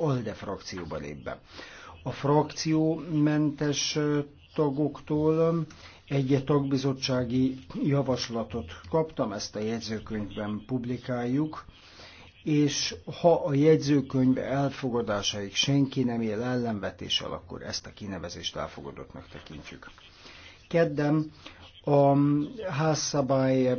ALDE frakcióba lép be. A frakciómentes tagoktól egy tagbizottsági javaslatot kaptam, ezt a jegyzőkönyvben publikáljuk, és ha a jegyzőkönyv elfogadásáig senki nem él ellenvetéssel, akkor ezt a kinevezést elfogadottnak tekintjük. Kedden a házszabály